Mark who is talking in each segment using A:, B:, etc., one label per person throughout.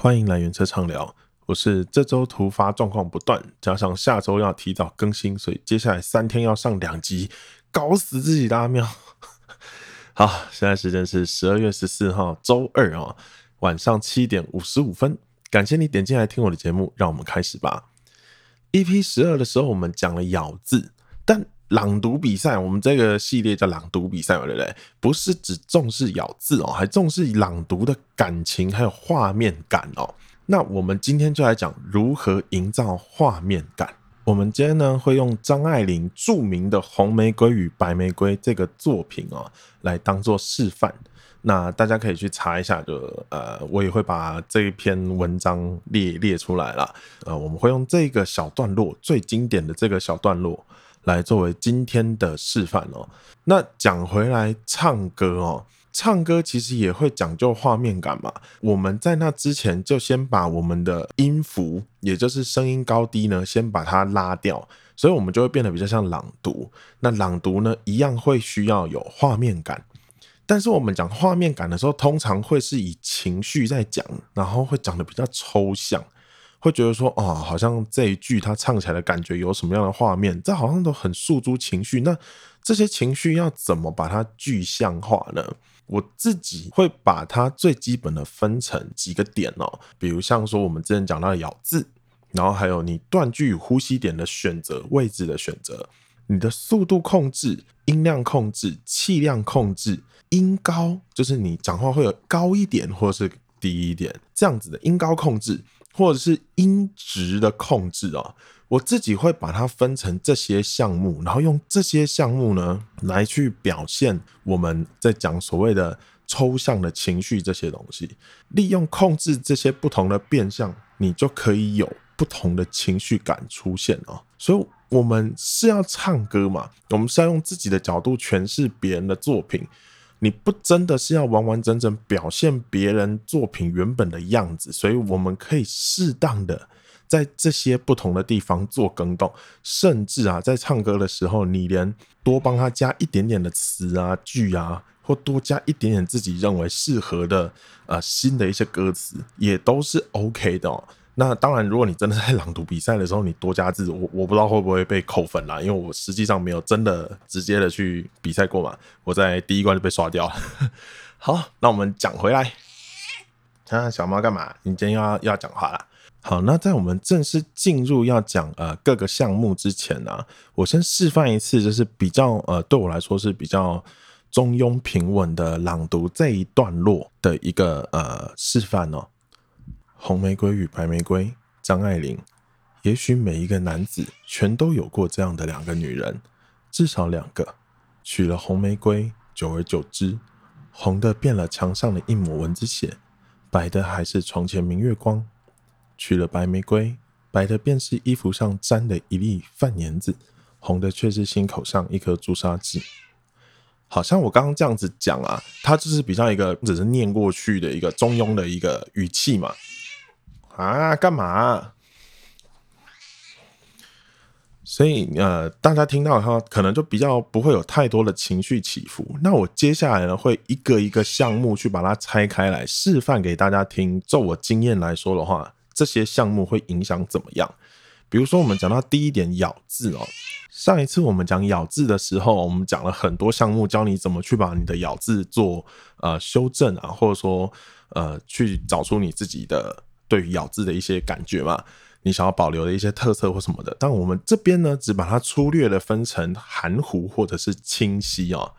A: 歡迎來緣側唱聊，我是這周突發狀況不斷，加上下周要提早更新，所以接下來三天要上兩集，搞死自己的阿喵。 好，現在時間是十二月十四號周二啊、哦，晚上七點五十五分。感謝你點進來聽我的節目，讓我們開始吧。EP 十二的時候我們講了咬字，但朗讀比賽，我們這個系列叫朗讀比賽嘛，對不對？不是只重視咬字哦，還重視朗讀的感情，還有畫面感哦。那我們今天就來講如何營造畫面感。我們今天呢，會用張愛玲著名的《紅玫瑰與白玫瑰》這個作品哦，來當做示範。那大家可以去查一下就，就呃，我也會把這一篇文章列列出來了。呃，我們會用這個小段落最經典的這個小段落。來作為今天的示範哦。那講回來，唱歌哦，唱歌其實也會講究畫面感嘛。我們在那之前，就先把我們的音符，也就是聲音高低呢，先把它拉掉，所以我們就會變得比較像朗讀。那朗讀呢，一樣會需要有畫面感，但是我們講畫面感的時候，通常會是以情緒在講，然後會講得比較抽象。會覺得說啊、哦，好像這一句他唱起來的感覺有什麼樣的畫面？這好像都很訴諸情緒。那這些情緒要怎麼把它具象化呢？我自己會把它最基本的分成幾個點哦，比如像說我們之前講到的咬字，然後還有你斷句、呼吸點的選擇、位置的選擇，你的速度控制、音量控制、氣量控制、音高，就是你講話會有高一點或是低一點這樣子的音高控制。或者是音質的控制啊、哦，我自己會把它分成這些項目，然後用這些項目呢來去表現我們在講所謂的抽象的情緒這些東西。利用控制這些不同的變相，你就可以有不同的情緒感出現啊、哦。所以，我們是要唱歌嘛？我們是要用自己的角度詮釋別人的作品。你不真的是要完完整整表現別人作品原本的樣子，所以我們可以適當的在這些不同的地方做更動，甚至啊，在唱歌的時候，你連多幫他加一點點的詞啊句啊，或多加一點點自己認為適合的啊、呃，新的一些歌詞，也都是 OK 的哦。那當然，如果你真的在朗讀比賽的時候，你多加字，我我不知道會不會被扣分啦。因為我實際上沒有真的直接的去比賽過嘛，我在第一關就被刷掉了。 好，那我們講回來，看、啊、小貓幹嘛？你今天又要又要講話啦。好，那在我們正式進入要講呃各個項目之前呢、啊，我先示範一次，就是比較呃對我來說是比較中庸平穩的朗讀這一段落的一個呃示範哦。紅玫瑰與白玫瑰，張愛玲。也許每一個男子全都有過這樣的兩個女人，至少兩個。娶了紅玫瑰，久而久之，紅的變了牆上的一抹蚊子血，白的還是床前明月光。娶了白玫瑰，白的便是衣服上沾的一粒飯粘子，紅的卻是心口上一顆朱砂痣。好像我剛剛這樣子講啊，它就是比較一個只是念過去的一個中庸的一個語氣嘛。啊，幹嘛？所以呃，大家聽到的話，可能就比較不會有太多的情緒起伏。那我接下來呢，會一個一個項目去把它拆開來示範給大家聽。就我經驗來說的話，這些項目會影響怎麼樣？比如說，我們講到第一點咬字哦，上一次我們講咬字的時候，我們講了很多項目，教你怎麼去把你的咬字做呃修正啊，或者說呃去找出你自己的。對於咬字的一些感覺嘛，你想要保留的一些特色或什麼的，但我們這邊呢，只把它粗略地分成含糊或者是清晰啊、哦。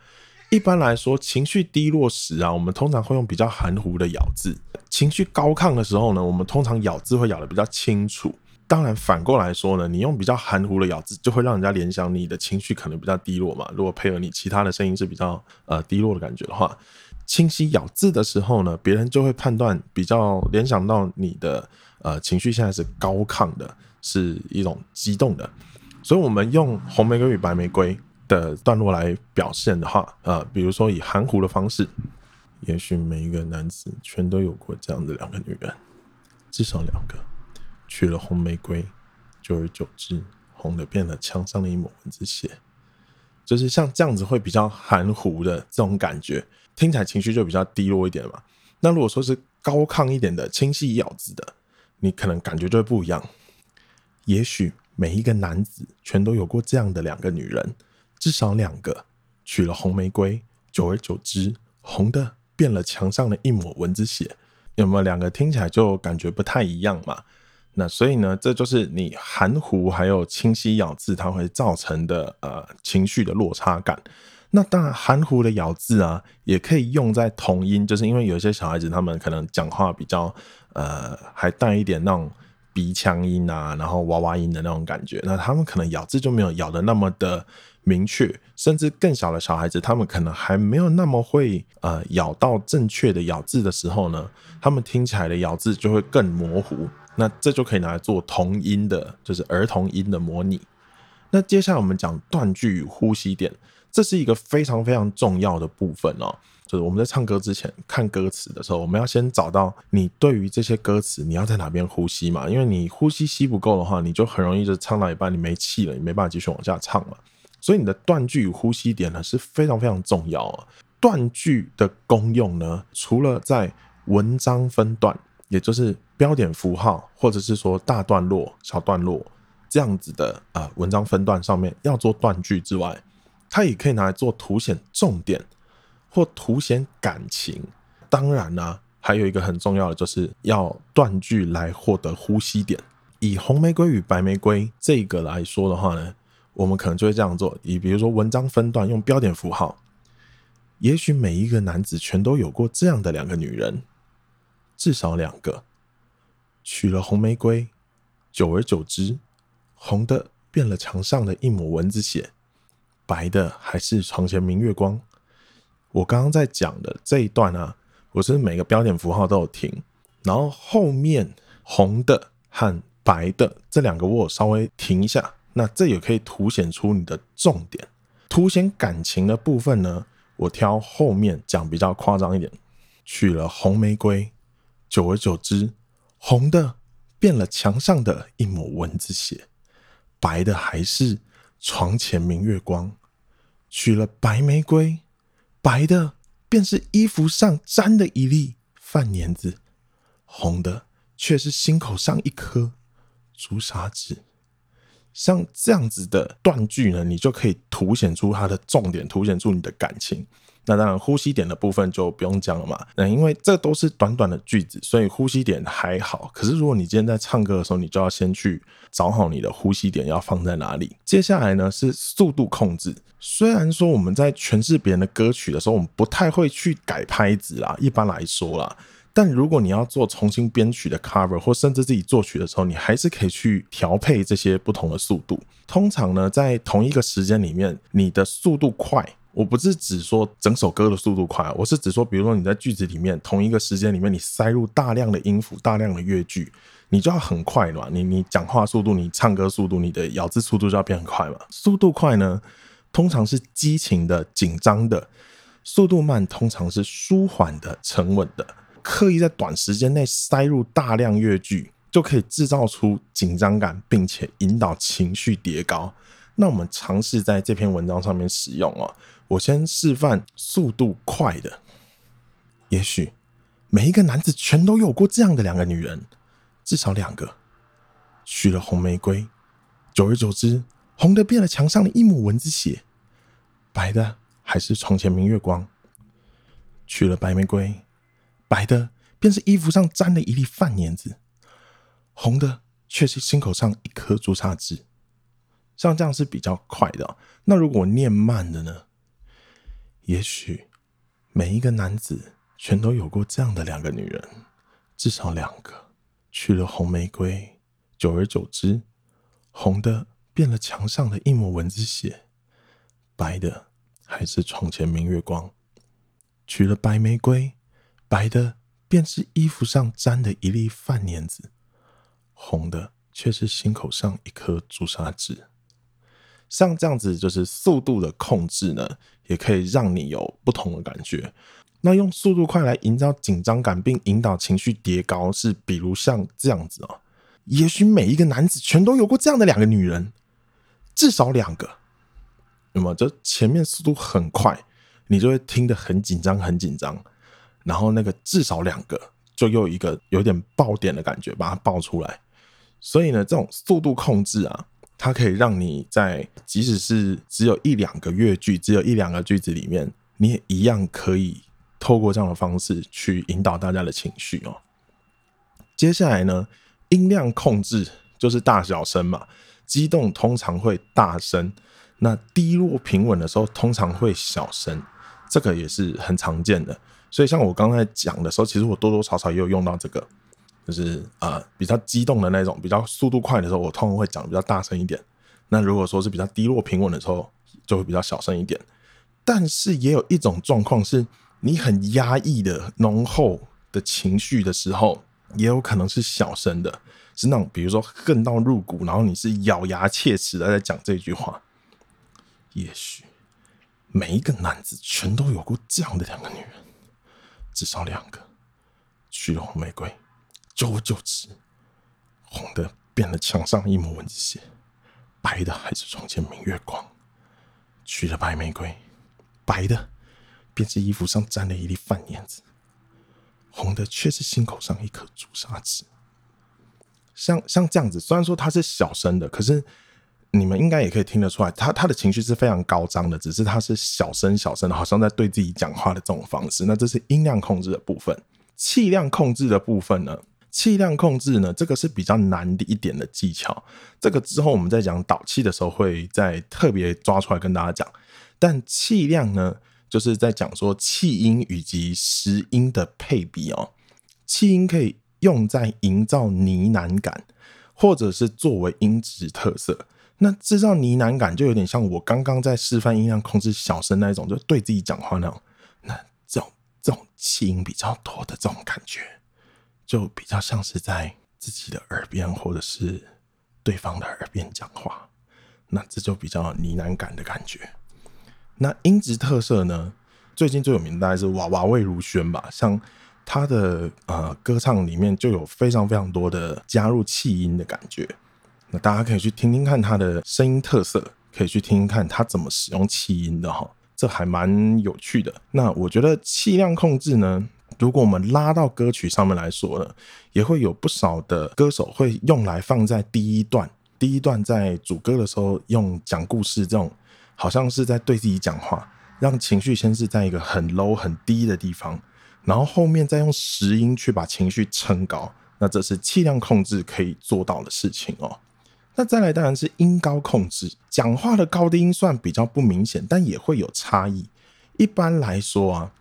A: 一般來說，情緒低落時啊，我們通常會用比較含糊的咬字；情緒高亢的時候呢，我們通常咬字會咬得比較清楚。當然，反過來說呢，你用比較含糊的咬字，就會讓人家聯想你的情緒可能比較低落嘛。如果配合你其他的聲音是比較呃低落的感覺的話。清晰咬字的時候呢，別人就會判斷比較聯想到你的呃情緒現在是高亢的，是一種激動的。所以，我們用紅玫瑰與白玫瑰的段落來表現的話，呃，比如說以含糊的方式，也許每一個男子全都有過這樣的兩個女人，至少兩個，娶了紅玫瑰，久而久之，紅的變了牆上的一抹蚊子血。就是像這樣子會比較含糊的這種感覺，聽起來情緒就比較低落一點嘛。那如果說是高亢一點的、清晰咬字的，你可能感覺就會不一樣。也許每一個男子全都有過這樣的兩個女人，至少兩個，娶了紅玫瑰，久而久之，紅的變了牆上的一抹蚊子血。有沒有兩個聽起來就感覺不太一樣嘛？那所以呢，這就是你含糊還有清晰咬字，它會造成的呃情緒的落差感。那當然，含糊的咬字啊，也可以用在童音，就是因為有些小孩子他們可能講話比較呃，還帶一點那種鼻腔音啊，然後娃娃音的那種感覺。那他們可能咬字就沒有咬得那麼的明確，甚至更小的小孩子，他們可能還沒有那麼會呃咬到正確的咬字的時候呢，他們聽起來的咬字就會更模糊。那這就可以拿來做童音的，就是兒童音的模擬。那接下來我們講斷句與呼吸點，這是一個非常非常重要的部分哦。就是我們在唱歌之前看歌詞的時候，我們要先找到你對於這些歌詞，你要在哪邊呼吸嘛？因為你呼吸吸不夠的話，你就很容易就唱到一半你沒氣了，你沒辦法繼續往下唱了。所以你的斷句與呼吸點呢是非常非常重要啊，哦。斷句的功用呢，除了在文章分段。也就是標點符號，或者是說大段落、小段落這樣子的啊、呃、文章分段上面要做斷句之外，它也可以拿來做凸顯重點或凸顯感情。當然呢、啊，還有一個很重要的就是要斷句來獲得呼吸點。以紅玫瑰與白玫瑰這個來說的話呢，我們可能就會這樣做，以比如說文章分段用標點符號，也許每一個男子全都有過這樣的兩個女人。至少兩個，娶了紅玫瑰，久而久之，紅的變了牆上的一抹蚊子血，白的還是床前明月光。我剛剛在講的這一段啊，我是每個標點符號都有停，然後後面紅的和白的這兩個我稍微停一下，那這也可以凸顯出你的重點，凸顯感情的部分呢，我挑後面講比較誇張一點，娶了紅玫瑰。久而久之，紅的變了牆上的一抹蚊子血，白的還是床前明月光。娶了白玫瑰，白的便是衣服上沾的一粒飯粘子，紅的卻是心口上一顆朱砂痣。像這樣子的斷句呢，你就可以凸顯出它的重點，凸顯出你的感情。那當然，呼吸點的部分就不用講了嘛。那因為這都是短短的句子，所以呼吸點還好。可是如果你今天在唱歌的時候，你就要先去找好你的呼吸點要放在哪裡。接下來呢，是速度控制。雖然說我們在詮釋別人的歌曲的時候，我們不太會去改拍子啦，一般來說啦。但如果你要做重新編曲的 cover，或甚至自己作曲的時候，你還是可以去調配這些不同的速度。通常呢，在同一個時間裡面，你的速度快。我不是指說整首歌的速度快，我是指說，比如說你在句子裡面同一個時間裡面，你塞入大量的音符、大量的樂句，你就要很快了。你你講話速度、你唱歌速度、你的咬字速度就要變很快嘛。速度快呢，通常是激情的、緊張的；速度慢，通常是舒緩的、沉穩的。刻意在短時間內塞入大量樂句，就可以制造出緊張感，並且引導情緒疊高。那我們嘗試在這篇文章上面使用哦、啊。我先示範速度快的。也許每一個男子全都有過這樣的兩個女人，至少兩個。娶了紅玫瑰，久而久之，紅的變了牆上的一抹蚊子血；白的還是床前明月光。娶了白玫瑰，白的便是衣服上沾了一粒飯粘子，紅的卻是心口上一顆朱砂痣。像這樣是比較快的。那如果我念慢的呢？也許每一個男子全都有過這樣的兩個女人，至少兩個。娶了紅玫瑰，久而久之，紅的變了牆上的一抹蚊子血；白的還是床前明月光。娶了白玫瑰，白的便是衣服上沾的一粒飯粘子，紅的卻是心口上一顆朱砂痣。像這樣子，就是速度的控制呢，也可以讓你有不同的感覺。那用速度快來營造緊張感，並引導情緒疊高，是比如像這樣子啊、喔。也許每一個男子全都有過這樣的兩個女人，至少兩個。那麼，這前面速度很快，你就會聽得很緊張，很緊張。然後那個至少兩個，就又一個有點爆點的感覺，把它爆出來。所以呢，這種速度控制啊。它可以讓你在即使是只有一兩個樂句，只有一兩個句子裡面，你也一樣可以透過這樣的方式去引導大家的情緒哦。接下來呢，音量控制就是大小聲嘛。激動通常會大聲，那低落平穩的時候通常會小聲，這個也是很常見的。所以像我剛才講的時候，其實我多多少少也有用到這個。就是啊、呃，比較激動的那種，比較速度快的時候，我通常會講比較大聲一點。那如果說是比較低落平穩的時候，就會比較小聲一點。但是也有一種狀況，是你很壓抑的濃厚的情緒的時候，也有可能是小聲的，是那種比如說恨到入骨，然後你是咬牙切齒的在講這句話。也許每一個男子全都有過這樣的兩個女人，至少兩個，娶了紅玫瑰。久而久之，紅的變了牆上一抹蚊子血，白的還是床前明月光。娶了白玫瑰，白的便是衣服上沾了一粒飯粘子，紅的卻是心口上一顆朱砂痣。像，像這樣子，雖然說他是小聲的，可是你們應該也可以聽得出來，他他的情緒是非常高漲的，只是他是小聲小聲的，好像在對自己講話的這種方式。那這是音量控制的部分，氣量控制的部分呢？氣量控制呢，這個是比較難的一點的技巧。這個之後我們在講導氣的時候會再特別抓出來跟大家講。但氣量呢，就是在講說氣音以及實音的配比哦。氣音可以用在營造呢喃感，或者是作為音質特色。那製造呢喃感，就有點像我剛剛在示範音量控制小聲那一種，就對自己講話那種，那這種這種氣音比較多的這種感覺。就比較像是在自己的耳邊或者是對方的耳邊講話，那這就比較有呢喃感的感覺。那音質特色呢？最近最有名的大概是娃娃魏如萱吧，像她的呃歌唱裡面就有非常非常多的加入氣音的感覺，那大家可以去聽聽看她的聲音特色，可以去聽聽看她怎麼使用氣音的哈，這還蠻有趣的。那我覺得氣量控制呢，如果我們拉到歌曲上面來說呢，也會有不少的歌手會用來放在第一段，第一段在主歌的時候用講故事這種，好像是在對自己講話，讓情緒先是在一個很 low 很低的地方，然後後面再用實音去把情緒撐高，那這是氣量控制可以做到的事情哦、喔。那再來當然是音高控制，講話的高低音算比較不明顯，但也會有差異。一般來說啊。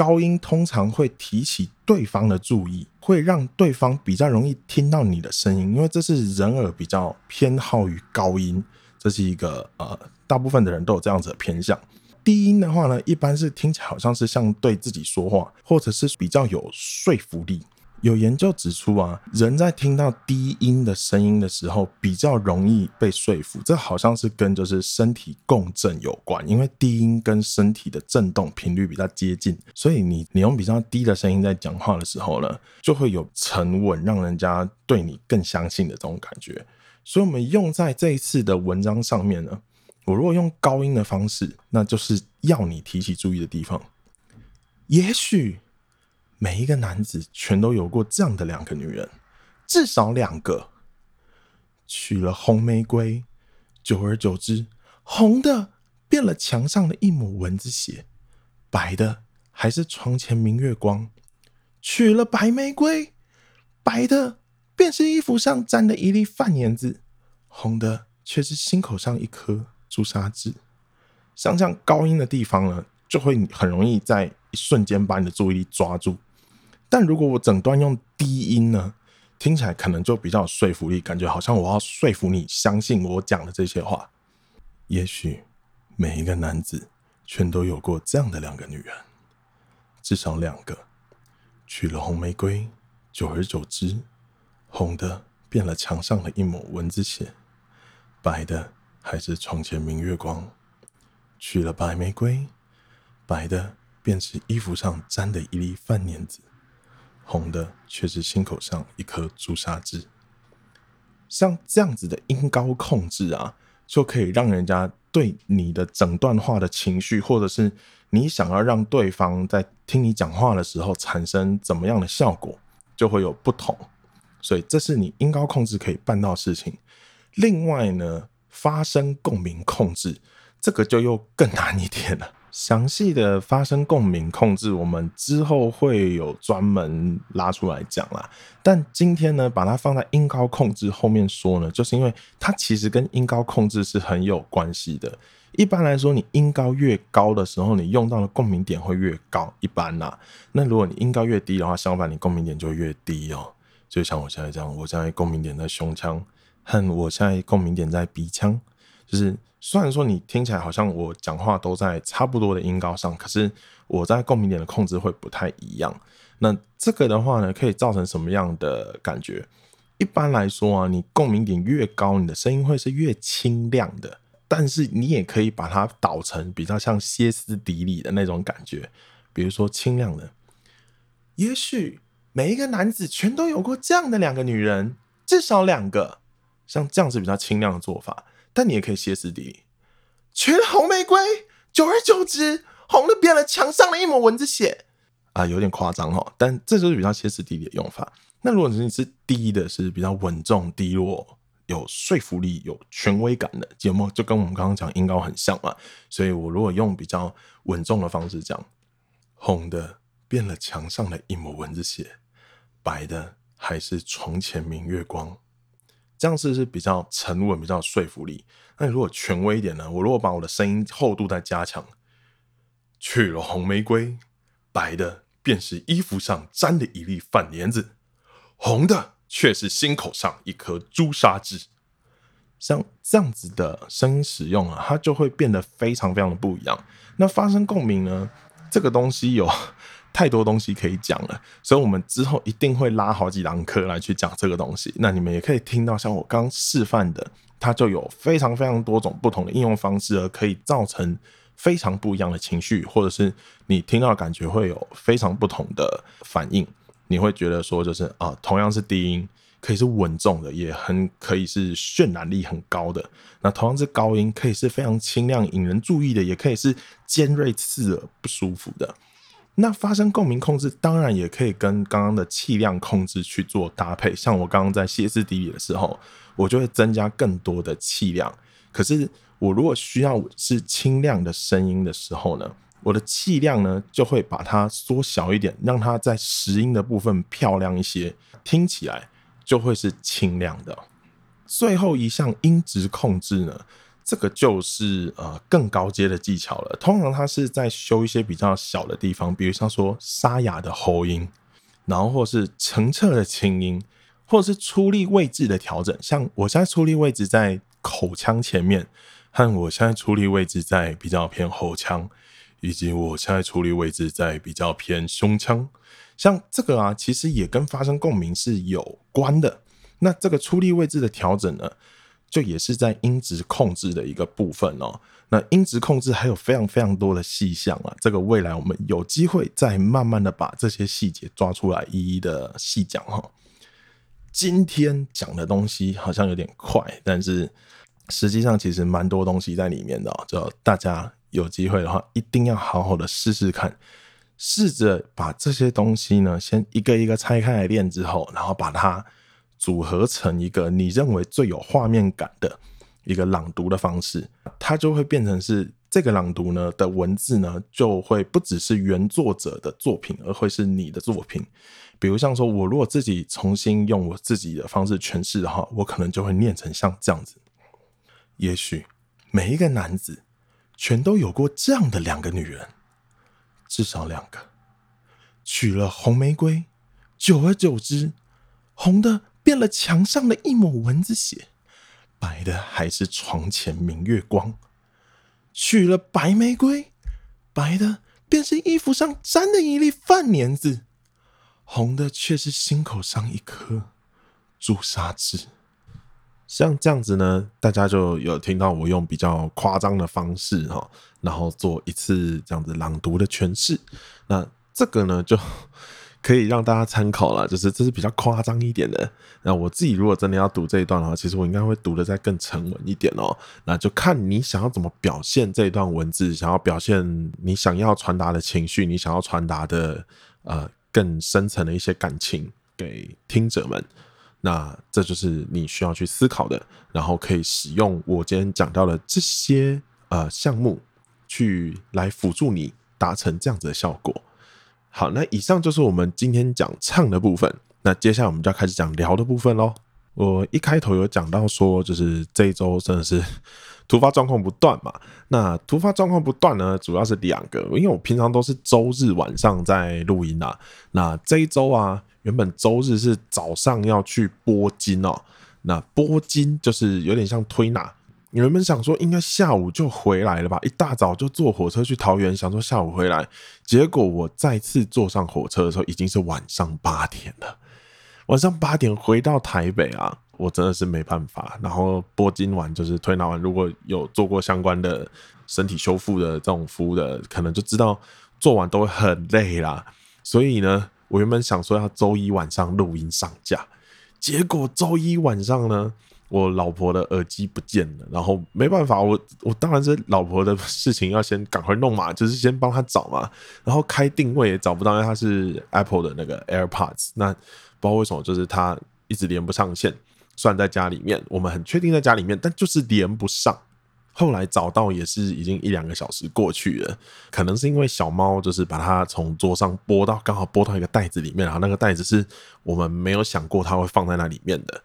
A: 高音通常會提起對方的注意，會讓對方比較容易聽到你的聲音，因為這是人耳比較偏好於高音，這是一個呃，大部分的人都有這樣子的偏向。低音的話呢，一般是聽起來好像是像對自己說話，或者是比較有說服力。有研究指出啊，人在聽到低音的聲音的時候，比較容易被說服。這好像是跟就是身體共振有關，因為低音跟身體的震動頻率比較接近，所以你你用比較低的聲音在講話的時候呢，就會有沉穩，讓人家對你更相信的這種感覺。所以，我們用在這一次的文章上面呢，我如果用高音的方式，那就是要你提起注意的地方，也許。每一個男子全都有過這樣的兩個女人，至少兩個。娶了紅玫瑰，久而久之，紅的變了牆上的一抹蚊子血；白的還是床前明月光。娶了白玫瑰，白的便是衣服上沾的一粒飯粘子，紅的卻是心口上一顆硃砂痣。像這樣高音的地方呢，就會很容易在一瞬間把你的注意力抓住。但如果我整段用低音呢，聽起來可能就比較有說服力，感覺好像我要說服你相信我講的這些話。也許每一個男子全都有過這樣的兩個女人，至少兩個。娶了紅玫瑰，久而久之，紅的變了牆上的一抹蚊子血；白的還是床前明月光。娶了白玫瑰，白的便是衣服上沾的一粒飯粘子。紅的卻是心口上一顆朱砂痣。像這樣子的音高控制啊，就可以讓人家對你的整段話的情緒，或者是你想要讓對方在聽你講話的時候產生怎麼樣的效果，就會有不同。所以這是你音高控制可以辦到的事情。另外呢，發聲共鳴控制，這個就又更難一點了。詳細的發聲共鳴控制，我們之後會有專門拉出來講啦。但今天呢，把它放在音高控制後面說呢，就是因為它其實跟音高控制是很有關係的。一般來說，你音高越高的時候，你用到的共鳴點會越高。一般啦，那如果你音高越低的話，相反你共鳴點就越低哦。就像我現在這樣，我現在共鳴點在胸腔，和我現在共鳴點在鼻腔，就是。雖然說你聽起來好像我講話都在差不多的音高上，可是我在共鳴點的控制會不太一樣。那這個的話呢，可以造成什麼樣的感覺？一般來說啊，你共鳴點越高，你的聲音會是越清亮的。但是你也可以把它導成比較像歇斯底里的那種感覺，比如說清亮的。也許每一個男子全都有過這樣的兩個女人，至少兩個。像這樣子比較清亮的做法。但你也可以歇斯底里，娶了紅玫瑰，久而久之，紅的變了牆上的一抹蚊子血啊，有點誇張哈。但這就是比較歇斯底里的用法。那如果你是低的，是比較穩重、低落、有說服力、有權威感的節目，就跟我們剛剛講音高很像嘛。所以我如果用比較穩重的方式講，紅的變了牆上的一抹蚊子血，白的還是床前明月光。這樣子是不是比較沉穩，比較有說服力。那你如果權威一點呢？我如果把我的聲音厚度再加強，娶了紅玫瑰，白的便是衣服上沾的一粒飯粘子，紅的卻是心口上一顆朱砂痣。像這樣子的聲音使用啊，它就會變得非常非常的不一樣。那發聲共鳴呢？這個東西有。太多東西可以講了，所以我們之後一定會拉好幾堂課來去講這個東西。那你們也可以聽到，像我剛示範的，它就有非常非常多種不同的應用方式，而可以造成非常不一樣的情緒，或者是你聽到的感覺會有非常不同的反應。你會覺得說，就是啊，同樣是低音，可以是穩重的，也很可以是渲染力很高的；那同樣是高音，可以是非常清亮引人注意的，也可以是尖銳刺耳不舒服的。那發聲共鳴控制，當然也可以跟剛剛的氣量控制去做搭配。像我剛剛在歇斯底里的時候，我就會增加更多的氣量。可是我如果需要是清亮的聲音的時候呢，我的氣量呢就會把它縮小一點，讓它在實音的部分漂亮一些，聽起來就會是清亮的。最後一項音質控制呢？這個就是呃更高階的技巧了。通常它是在修一些比較小的地方，比如像說沙啞的喉音，然後或者是澄澈的清音，或者是出力位置的調整。像我現在出力位置在口腔前面，和我現在出力位置在比較偏喉腔，以及我現在出力位置在比較偏胸腔，像這個啊，其實也跟發聲共鳴是有關的。那這個出力位置的調整呢？就也是在音質控制的一個部分哦。那音質控制還有非常非常多的細項啊，這個未來我們有機會再慢慢的把這些細節抓出來，一一的細講哈。今天講的東西好像有點快，但是實際上其實蠻多東西在裡面的哦，就大家有機會的話，一定要好好的試試看，試着把這些東西呢，先一個一個拆開來練之後，然後把它，組合成一個你認為最有畫面感的一個朗讀的方式，它就會變成是這個朗讀呢的文字呢，就會不只是原作者的作品，而會是你的作品。比如像說，我如果自己重新用我自己的方式詮釋的話，我可能就會念成像這樣子。也許每一個男子全都有過這樣的兩個女人，至少兩個。娶了紅玫瑰，久而久之，紅的。變了牆上的一抹蚊子血，白的還是床前明月光，娶了白玫瑰，白的便是衣服上沾的一粒飯粘子，紅的卻是心口上一顆朱砂痣。像這樣子呢，大家就有聽到我用比較誇張的方式哈，然後做一次這樣子朗讀的詮釋。那這個呢就。可以讓大家參考啦,就是這是比較誇張一點的。那我自己如果真的要讀這一段的話，其實我應該會讀得再更沉穩一點喔。那就看你想要怎麼表現這一段文字，想要表現你想要傳達的情緒，你想要傳達的呃更深層的一些感情給聽者們。那這就是你需要去思考的，然後可以使用我今天講到的這些呃項目去來輔助你達成這樣子的效果。好，那以上就是我們今天講唱的部分，那接下來我們就要開始講聊的部分嘍。我一開頭有講到說，就是這一周真的是突發狀況不斷嘛。那突發狀況不斷呢，主要是兩個，因為我平常都是周日晚上在錄音啊。那這一周啊，原本周日是早上要去撥筋哦，那撥筋就是有點像推拿。你原本想說，應該下午就回來了吧，一大早就坐火車去桃園，想說下午回來，結果我再次坐上火車的時候，已經是晚上八點了。晚上八點回到台北啊，我真的是沒辦法。然後撥筋完就是推拿完，如果有做過相關的身體修復的這種服務的，可能就知道做完都會很累啦。所以呢，我原本想說要周一晚上錄音上架，結果周一晚上呢。我老婆的耳機不見了，然後沒辦法，我我當然是老婆的事情要先趕快弄嘛，就是先幫她找嘛。然後開定位也找不到，因為它是 Apple 的那個 AirPods，那不知道為什麼就是它一直連不上線。雖然在家裡面，我們很確定在家裡面，但就是連不上。後來找到也是已經一兩個小時過去了，可能是因為小貓就是把它從桌上撥到剛好撥到一個袋子裡面，然後那個袋子是我們沒有想過它會放在那裡面的。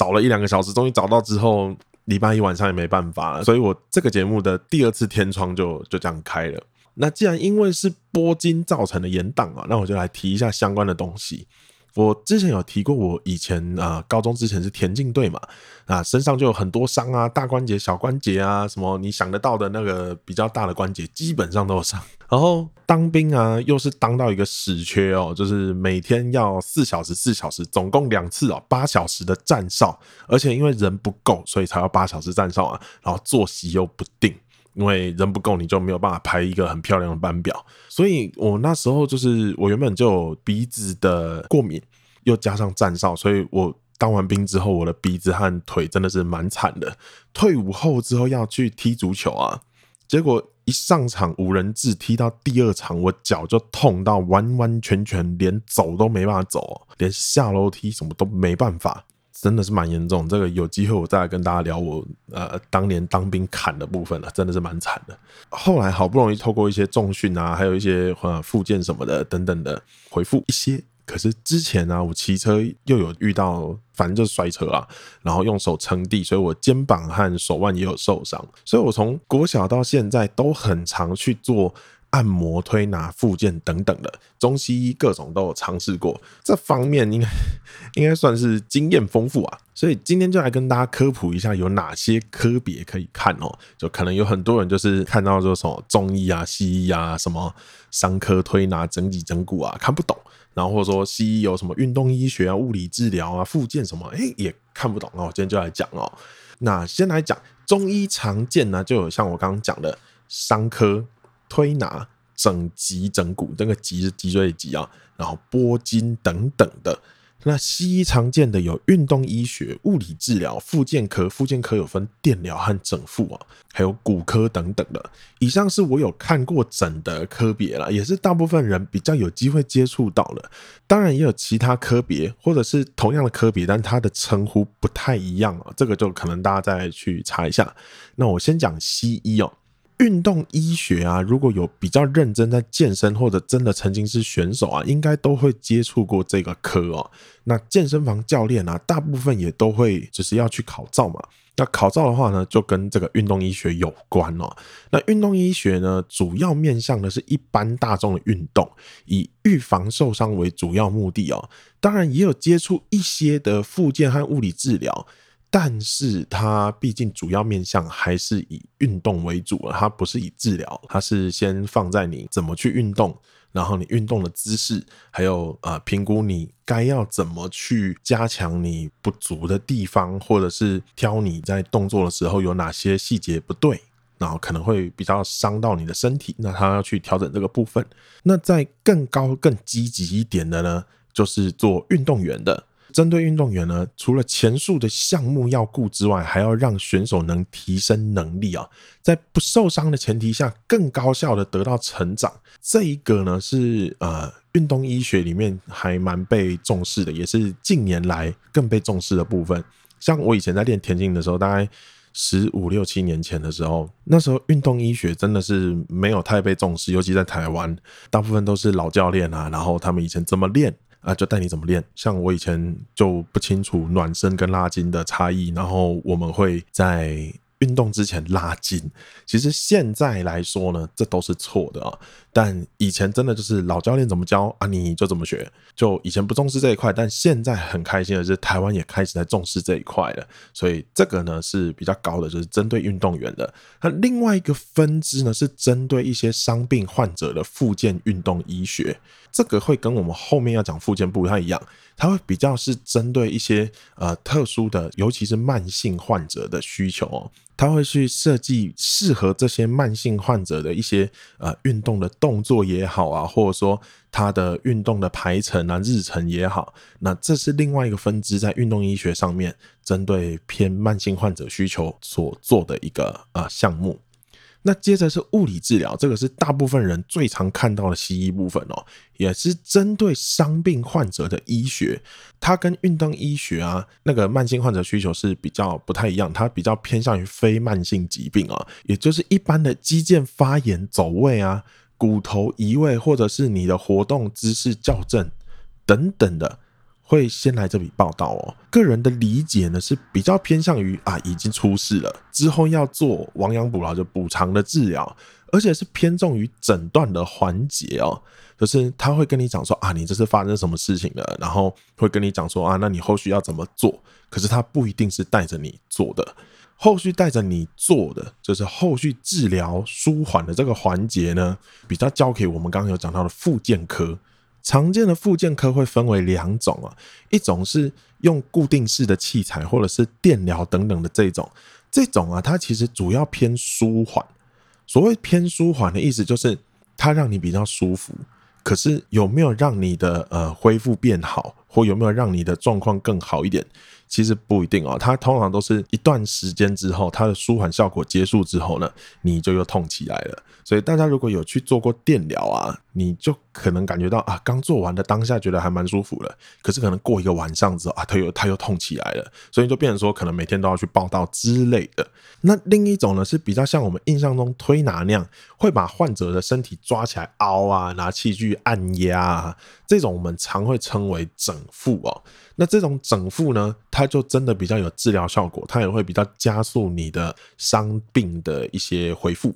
A: 找了一兩個小時，終於找到之後，禮拜一晚上也沒辦法了，所以我這個節目的第二次天窗就就這樣開了。那既然因為是撥筋造成的延宕啊，那我就來提一下相關的東西。我之前有提過，我以前啊、呃，高中之前是田徑隊嘛，啊，身上就有很多傷啊，大關節、小關節啊，什麼你想得到的那個比較大的關節，基本上都有傷。然後當兵啊，又是當到一個死缺哦，就是每天要四小時、四小時，總共兩次哦，八小時的站哨，而且因為人不夠，所以才要八小時站哨啊，然後作息又不定。因為人不夠，你就沒有辦法排一個很漂亮的班表。所以我那時候就是，我原本就有鼻子的過敏，又加上站哨，所以我當完兵之後，我的鼻子和腿真的是蠻慘的。退伍後之後要去踢足球啊，結果一上場五人制，踢到第二場，我腳就痛到完完全全連走都沒辦法走，連下樓梯什麼都沒辦法。真的是蠻嚴重，這個有機會我再來跟大家聊我呃當年當兵砍的部分了，真的是蠻慘的。後來好不容易透過一些重訓啊，還有一些呃、啊、復健什麼的等等的回復一些，可是之前呢，啊，我騎車又有遇到，反正就是摔車啊，然後用手撐地，所以我肩膀和手腕也有受傷，所以我從國小到現在都很常去做。按摩、推拿、復健等等的，中西醫各種都有嘗試過，這方面應該應該算是經驗豐富啊。所以今天就來跟大家科普一下，有哪些科別可以看哦、喔。就可能有很多人就是看到說什麼中醫啊、西醫啊、什麼傷科、推拿、整體整骨啊，看不懂。然後或者說西醫有什麼運動醫學啊、物理治療啊、復健什麼，哎，也看不懂。哦，今天就來講哦。那先來講中醫常見呢，就有像我剛剛講的傷科。推拿、整脊、整骨，這個脊是脊椎的脊啊，然後撥筋等等的。那西醫常見的有運動醫學、物理治療、復健科、復健科有分電療和整復啊，還有骨科等等的。以上是我有看過診的科別了，也是大部分人比較有機會接觸到的。當然也有其他科別或者是同樣的科別，但他的稱呼不太一樣啊，這個就可能大家再去查一下。那我先講西醫哦。運動醫學啊，如果有比較認真在健身，或者真的曾經是選手啊，應該都會接觸過這個科哦。那健身房教練啊，大部分也都會，只是要去考照嘛。那考照的話呢，就跟這個運動醫學有關哦。那運動醫學呢，主要面向的是一般大眾的運動，以預防受傷為主要目的哦。當然，也有接觸一些的復健和物理治療。但是它畢竟主要面向還是以運動為主啊，它不是以治療，它是先放在你怎麼去運動，然後你運動的姿勢，還有呃評估你該要怎麼去加強你不足的地方，或者是挑你在動作的時候有哪些細節不對，然後可能會比較傷到你的身體，那他要去調整這個部分。那再更高、更積極一點的呢，就是做運動員的。針對運動員呢，除了前述的項目要顧之外，還要讓選手能提升能力啊、哦，在不受傷的前提下，更高效地得到成長。這一個呢是呃，運動醫學裡面還蠻被重視的，也是近年來更被重視的部分。像我以前在練田徑的時候，大概十五六七年前的時候，那時候運動醫學真的是沒有太被重視，尤其在台灣，大部分都是老教練啊，然後他們以前這麼練。啊，就帶你怎麼練？像我以前就不清楚暖身跟拉筋的差異，然後我們會在。運動之前拉筋，其實現在來說呢，這都是錯的啊、喔。但以前真的就是老教練怎麼教啊，你就怎麼學。就以前不重視這一塊，但現在很開心的是，台灣也開始在重視這一塊了。所以這個呢是比較高的，就是針對運動員的。那另外一個分支呢，是針對一些傷病患者的復健運動醫學，這個會跟我們後面要講復健不太一樣。他會比較是針對一些呃特殊的，尤其是慢性患者的需求喔，他會去設計適合這些慢性患者的一些呃運動的動作也好啊，或者說他的運動的排程啊、日程也好，那這是另外一個分支，在運動醫學上面針對偏慢性患者需求所做的一個呃項目。那接着是物理治療，這個是大部分人最常看到的西醫部分哦，也是針對傷病患者的醫學。它跟運動醫學啊，那個慢性患者需求是比較不太一樣，它比較偏向於非慢性疾病啊，哦，也就是一般的肌腱發炎、走位啊、骨頭移位，或者是你的活動姿勢矯正等等的。會先來這裡報到哦，個人的理解呢，是比較偏向於啊，已經出事了，之後要做亡羊補牢，就補償的治療，而且是偏重於診斷的環節哦。就是他會跟你講說啊，你這是發生什麼事情了，然後會跟你講說啊，那你後續要怎麼做？可是他不一定是帶着你做的，後續帶着你做的就是後續治療舒緩的這個環節呢，比較交給我們剛剛有講到的復健科。常見的復健科會分為兩種啊，一種是用固定式的器材或者是電療等等的這種，這種啊，它其實主要偏舒緩。所謂偏舒緩的意思就是它讓你比較舒服，可是有沒有讓你的呃恢復變好，或有沒有讓你的狀況更好一點，其實不一定哦，它通常都是一段時間之後，它的舒緩效果結束之後呢，你就又痛起來了。所以大家如果有去做過電療啊，你就可能感覺到啊，剛做完的當下覺得還蠻舒服的，可是可能過一個晚上之後啊，它又它又痛起來了，所以就變成說可能每天都要去報到之類的。那另一種呢，是比較像我們印象中推拿那樣，會把患者的身體抓起來凹啊，拿器具按壓啊，這種我們常會稱為整復哦、喔。那這種整復呢，它就真的比較有治療效果，它也會比較加速你的傷病的一些恢復。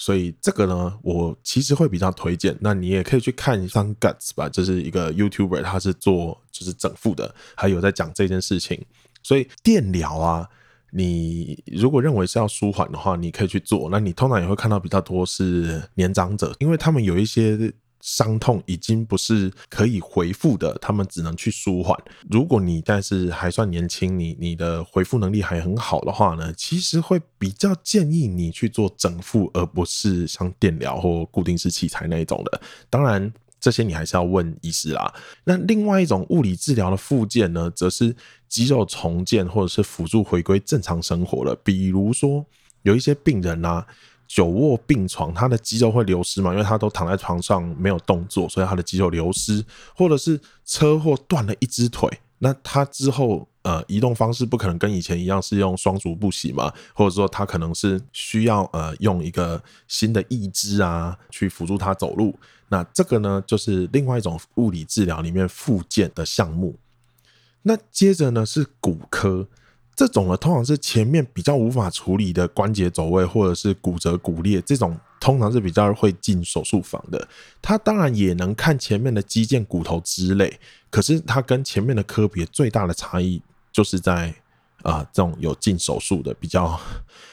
A: 所以這個呢，我其實會比較推薦。那你也可以去看一下 Sunguts 吧，就是一個 YouTuber，他是做就是整復的，還有在講這件事情。所以電療啊，你如果認為是要舒緩的話，你可以去做。那你通常也會看到比較多是年長者，因為他們有一些。傷痛已經不是可以回復的，他們只能去舒緩。如果你但是還算年輕，你你的回復能力還很好的話呢，其實會比較建議你去做整復，而不是像電療或固定式器材那一種的。當然，這些你還是要問醫師啦。那另外一種物理治療的復健呢，則是肌肉重建或者是輔助回歸正常生活了。比如說，有一些病人啊。.久臥病床，他的肌肉會流失嘛，因為他都躺在床上沒有動作，所以他的肌肉流失，或者是車禍斷了一隻腿，那他之後呃移動方式不可能跟以前一樣是用雙足步行嘛，或者說他可能是需要呃用一個新的義肢啊去輔助他走路。那這個呢就是另外一種物理治療裡面復健的項目。那接着呢是骨科。這種呢，通常是前面比較無法處理的關節走位，或者是骨折骨裂這種，通常是比較會進手術房的。它當然也能看前面的肌腱、骨頭之類，可是它跟前面的科別最大的差異，就是在啊、呃、這種有進手術的比較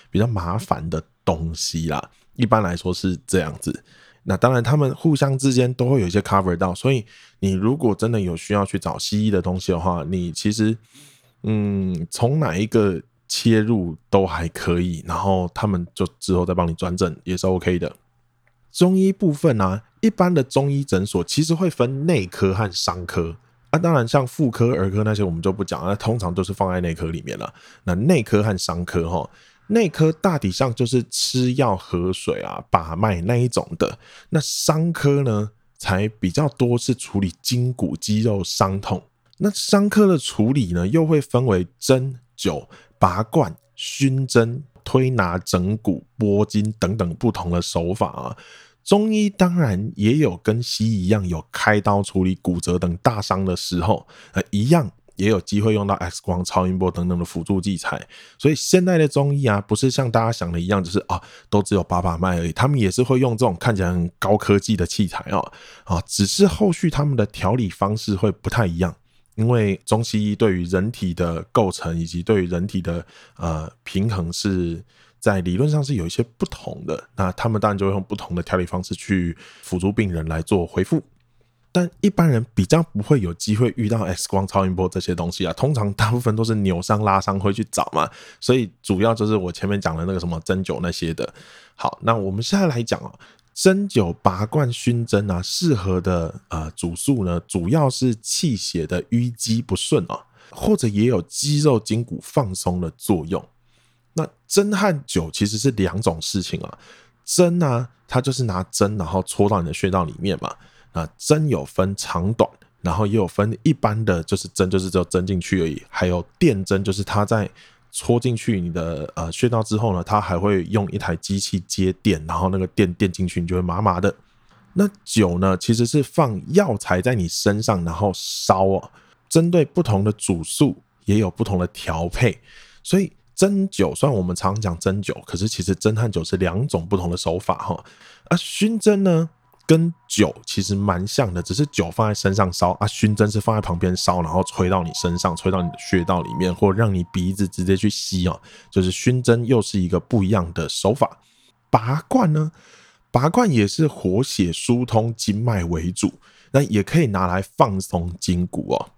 A: 比較麻煩的東西啦。一般來說是這樣子。那當然，他們互相之間都會有一些 cover 到。所以，你如果真的有需要去找西醫的東西的話，你其實。嗯，從哪一個切入都還可以，然後他們就之後再幫你轉正也是 OK 的。中醫部分呢、啊，一般的中醫診所其實會分內科和傷科啊，當然像婦科、兒科那些我們就不講，那通常都是放在內科裡面了。那內科和傷科哈，內科大體上就是吃藥、喝水啊、把脈那一種的，那傷科呢才比較多是處理筋骨、肌肉傷痛。那傷科的處理呢，又會分為針灸、拔罐、燻蒸、推拿、整骨、撥筋等等不同的手法啊。中醫當然也有跟西醫一樣有開刀處理骨折等大傷的時候，呃，一樣也有機會用到 X 光、超音波等等的輔助器材。所以現在的中醫啊，不是像大家想的一樣，就是啊，都只有把把脈而已。他們也是會用這種看起來很高科技的器材啊，哦，啊，只是後續他們的調理方式會不太一樣。因為中西醫對於人體的構成，以及對於人體的呃平衡，是在理論上是有一些不同的，那他們當然就會用不同的調理方式去輔助病人來做恢復。但一般人比較不會有機會遇到 X 光、超音波這些東西啊，通常大部分都是扭傷、拉傷會去找嘛，所以主要就是我前面講的那個什麼針灸那些的。好，那我們現在來講啊、喔。針灸、拔罐、熏蒸啊，適合的呃主訴呢，主要是氣血的淤積不順啊，或者也有肌肉筋骨放鬆的作用。那針和灸其實是兩種事情啊，針啊，它就是拿針然後戳到你的穴道裡面嘛，啊，針有分長短，然後也有分一般的就是針就是就針進去而已，還有電針就是它在。戳進去你的呃穴道之後呢，它還會用一台機器接電，然後那個電電進去，你就會麻麻的。那灸呢，其實是放藥材在你身上，然後燒啊、哦。針對不同的主訴，也有不同的調配。所以針灸雖然我們常講針灸，可是其實針和灸是兩種不同的手法哈、哦。而、啊、熏蒸呢？跟灸其實蠻像的，只是灸放在身上燒啊，燻蒸是放在旁邊燒，然後吹到你身上，吹到你的穴道裡面，或讓你鼻子直接去吸哦，就是燻蒸又是一個不一樣的手法。拔罐呢，拔罐也是活血疏通經脈為主，那也可以拿來放鬆筋骨哦。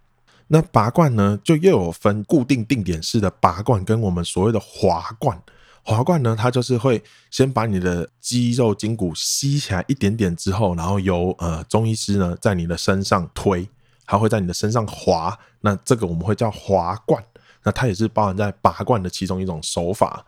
A: 那拔罐呢，就又有分固定定點式的拔罐，跟我們所謂的滑罐。滑罐呢，它就是會先把你的肌肉筋骨吸起來一點點之後，然後由呃中醫師呢在你的身上推，它會在你的身上滑，那這個我們會叫滑罐，那它也是包含在拔罐的其中一種手法。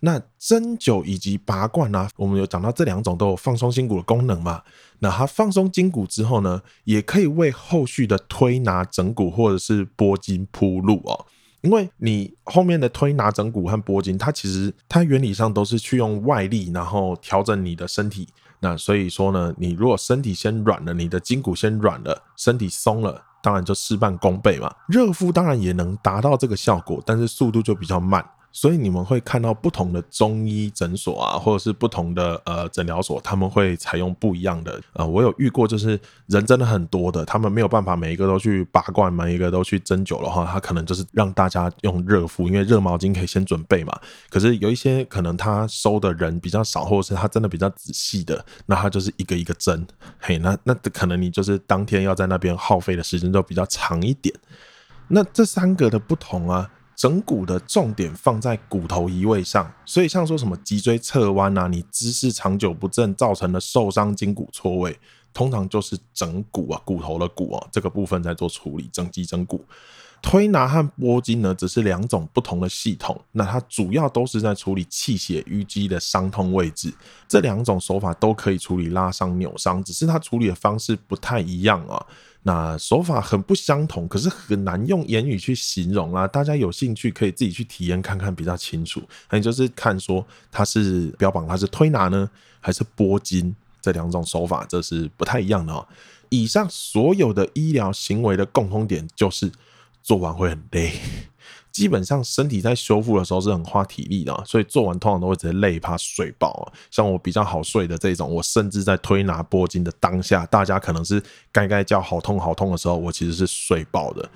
A: 那針灸以及拔罐呢、啊、我們有講到這兩種都有放鬆筋骨的功能嘛，那它放鬆筋骨之後呢，也可以為後續的推拿、整骨、或者是撥筋鋪路哦。因為你後面的推拿、整骨、和撥筋，它其實它原理上都是去用外力，然後調整你的身體。那所以說呢，你如果身體先軟了，你的筋骨先軟了，身體鬆了，當然就事半功倍嘛。熱敷當然也能達到這個效果，但是速度就比較慢。所以你們會看到不同的中醫診所啊，或者是不同的呃診療所，他們會採用不一樣的。呃，我有遇過，就是人真的很多的，他們沒有辦法每一個都去拔罐，每一個都去針灸的話，他可能就是讓大家用熱敷，因為熱毛巾可以先準備嘛。可是有一些可能他收的人比較少，或者是他真的比較仔細的，那他就是一個一個針。嘿，那那可能你就是當天要在那邊耗費的時間就比較長一點。那這三個的不同啊。整骨的重點放在骨頭移位上，所以像說什麼脊椎側彎啊，你姿勢長久不正造成了受傷筋骨錯位，通常就是整骨啊，骨頭的骨啊這個部分在做處理。整肌整骨，推拿和撥筋呢，只是兩種不同的系統，那它主要都是在處理氣血淤積的傷痛位置。這兩種手法都可以處理拉傷扭傷，只是它處理的方式不太一樣啊。那手法很不相同，可是很難用言語去形容啊。大家有興趣可以自己去體驗看看，比較清楚。還有就是看說它是標榜它是推拿呢，還是撥筋，這兩種手法這是不太一樣的哦、喔。以上所有的醫療行為的共通點就是，做完會很累。基本上身體在修復的時候是很花體力的，所以做完通常都會直接累趴睡飽。像我比較好睡的這種，我甚至在推拿撥筋的當下，大家可能是該該叫好痛好痛的時候，我其實是睡飽的，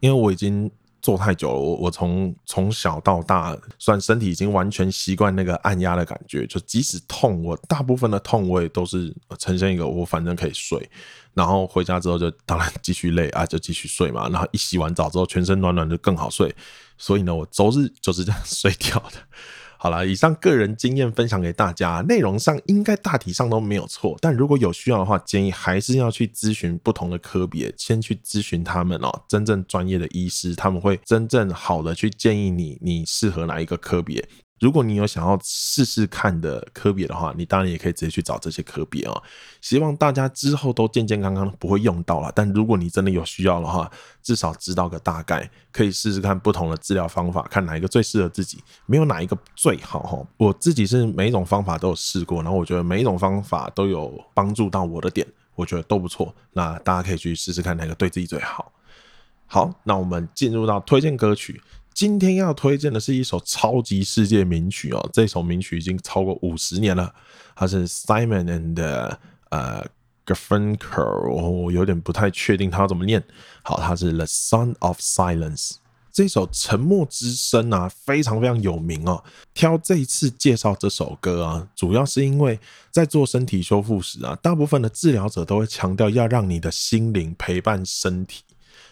A: 因為我已經做太久了。我我從從小到大，算，身體已經完全習慣那個按壓的感覺，就即使痛，我大部分的痛我也都是呈現一個我反正可以睡。然後回家之後就當然繼續累啊，就繼續睡嘛。然後一洗完澡之後，全身暖暖就更好睡。所以呢，我周日就是這樣睡掉的。 好了，以上個人經驗分享給大家，內容上應該大體上都沒有錯。但如果有需要的話，建議還是要去諮詢不同的科別，先去諮詢他們哦，真正專業的醫師，他們會真正好的去建議你，你適合哪一個科別。如果你有想要試試看的科別的話，你當然也可以直接去找這些科別哦。希望大家之後都健健康康，不會用到了。但如果你真的有需要的話，至少知道個大概，可以試試看不同的治療方法，看哪一個最適合自己。沒有哪一個最好哈。我自己是每一種方法都有試過，然後我覺得每一種方法都有幫助到我的點，我覺得都不錯。那大家可以去試試看哪個對自己最好。好，那我們進入到推薦歌曲。今天要推薦的是一首超級世界名曲哦，這首名曲已經超過五十年了。它是 Simon and the,、呃、Garfunkel 我有點不太確定它要怎麼念。好，它是 The Sound of Silence 這首沉默之聲啊，非常非常有名哦。挑這一次介紹這首歌啊，主要是因為在做身體修復時啊，大部分的治療者都會強調要讓你的心靈陪伴身體。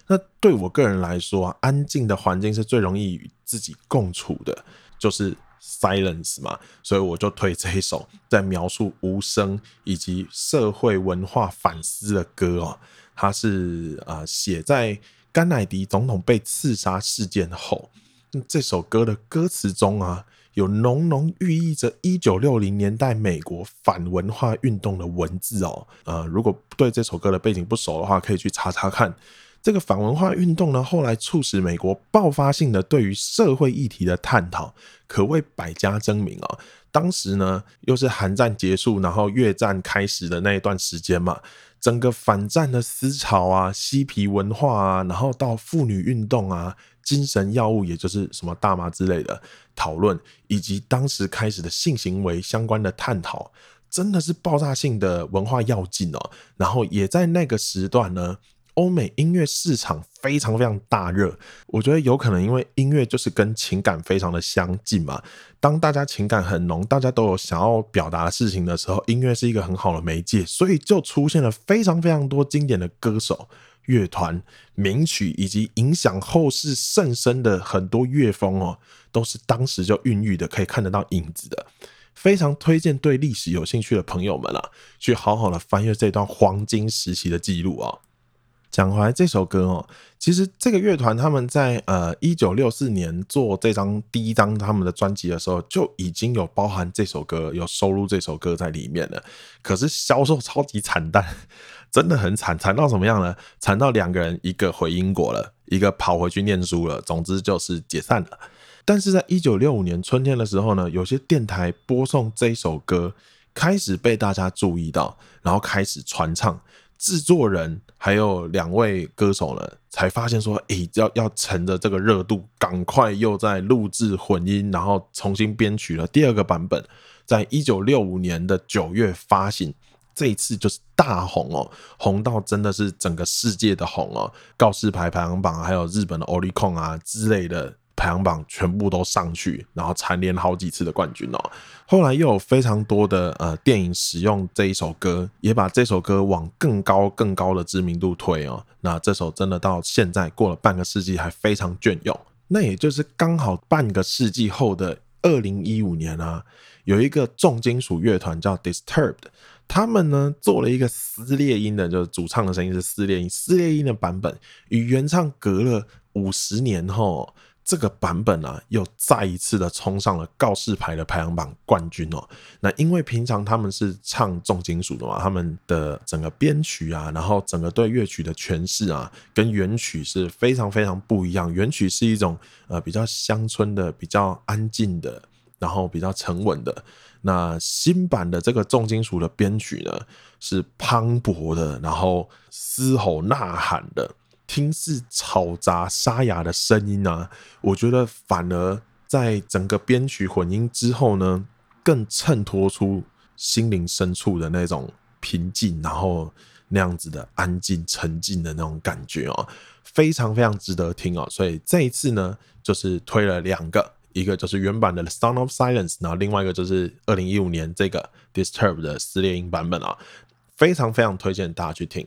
A: 那對我個人來說、啊，安靜的環境是最容易與自己共處的，就是 silence 嘛，所以我就推這一首在描述無聲以及社會文化反思的歌哦。它是啊，寫、呃、在甘乃迪總統被刺殺事件後，那這首歌的歌詞中啊，有濃濃寓意着一九六零年代美國反文化運動的文字哦。呃，如果對這首歌的背景不熟的話，可以去查查看。這個反文化運動呢，後來促使美國爆發性的對於社會議題的探討，可謂百家爭鳴啊、哦。當時呢，又是韓戰結束，然後越戰開始的那一段時間嘛，整個反戰的思潮啊、嬉皮文化啊，然後到婦女運動啊、精神藥物，也就是什麼大麻之類的討論，以及當時開始的性行為相關的探討，真的是爆炸性的文化躍進哦。然後也在那個時段呢。歐美音樂市場非常非常大熱，我覺得有可能因為音樂就是跟情感非常的相近嘛。當大家情感很濃，大家都有想要表達的事情的時候，音樂是一個很好的媒介，所以就出現了非常非常多經典的歌手、樂團、名曲，以及影響後世甚深的很多樂風哦、喔，都是當時就孕育的，可以看得到影子的。非常推薦對歷史有興趣的朋友們啊，去好好的翻閱這段黃金時期的記錄啊。講回來這首歌哦、喔，其實這個樂團他們在呃一九六四年做這張第一張他們的專輯的時候，就已經有包含這首歌，有收錄這首歌在裡面了。可是銷售超級慘淡，真的很慘，慘到什麼樣呢？慘到兩個人一個回英國了，一個跑回去念書了，總之就是解散了。但是在一九六五年春天的時候呢，有些電台播送這首歌，開始被大家注意到，然後開始傳唱。製作人還有兩位歌手呢，才發現說，誒、欸，要要趁著這個熱度，趕快又在錄製混音，然後重新編曲了第二個版本，在一九六五年的九月發行，這一次就是大紅哦，紅到真的是整個世界的紅哦，告示牌排行榜還有日本的 Oricon 啊之類的。排行榜全部都上去，然後蟬聯好幾次的冠軍哦。後來又有非常多的呃電影使用這一首歌，也把這首歌往更高更高的知名度推哦。那這首真的到現在過了半個世紀，還非常雋永。那也就是剛好半個世紀後的二零一五年呢、啊，有一個重金屬樂團叫 Disturbed，他們呢做了一個撕裂音的，就主唱的聲音是撕裂音，撕裂音的版本與原唱隔了五十年後這個版本呢、啊，又再一次的衝上了告示牌的排行榜冠軍哦。那因為平常他們是唱重金屬的嘛，他們的整個編曲啊，然後整個對樂曲的詮釋啊，跟原曲是非常非常不一樣。原曲是一種呃比較鄉村的、比較安靜的，然後比較沉穩的。那新版的這個重金屬的編曲呢，是磅礴的，然後嘶吼吶喊的。聽似嘈雜沙啞的聲音啊，我覺得反而在整個編曲混音之後呢，更襯托出心靈深處的那種平靜，然後那樣子的安靜沉靜的那種感覺哦、喔，非常非常值得聽哦、喔。所以這一次呢，就是推了兩個，一個就是原版的《The Sound of Silence》，然後另外一個就是二零一五年這個 Disturbed 的撕裂音版本啊、喔，非常非常推薦大家去聽。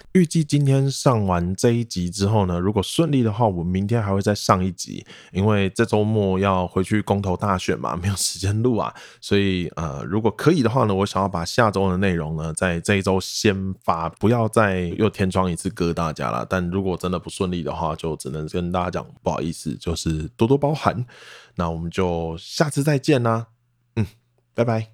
A: 預計今天上完這一集之後呢，如果順利的話，我明天還會再上一集，因為這周末要回去公投大選嘛，沒有時間錄啊，所以呃，如果可以的話呢，我想要把下周的內容呢，在這一周先發，不要再又天窗一次鴿大家了。但如果真的不順利的話，就只能跟大家講，不好意思，就是多多包涵。那我們就下次再見啦，嗯，拜拜。